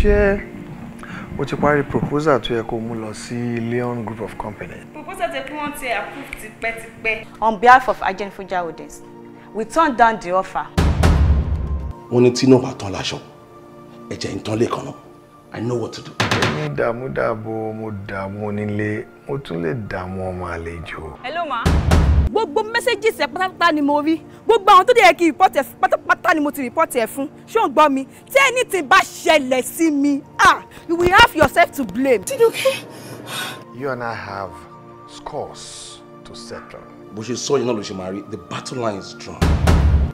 ṣé o ti parí proposal tó yẹ kó mú lọ sí leon group of company. proposal tẹ kí wọ́n ti approve tipẹ́tipẹ́. on behalf of agent fuja holdings we turn down the offer. wọ́n ní tí náà bá tán láṣọ ẹ̀jẹ̀ ń tán lẹ́ẹ̀kan náà i know what to do. mo dààmú dààbò mo dààmú onílé mo tún lè dààmú ọmọ àlejò. hello ma. gbogbo mẹ́sẹ̀gì ṣe pátápátá ni mo rí gbogbo àwọn tó dẹ̀ yẹ kí report ẹ̀ pátápátá ni mo ti report ẹ̀ fún ṣé ò ń gbọ́ mi tí anything bá ṣẹlẹ̀ sí mi ah you will have yourself to blame. Tinuke. you and I have scores to settle. bó ṣe sọ yìí náà ló ṣe máa rí the battle line is drawn.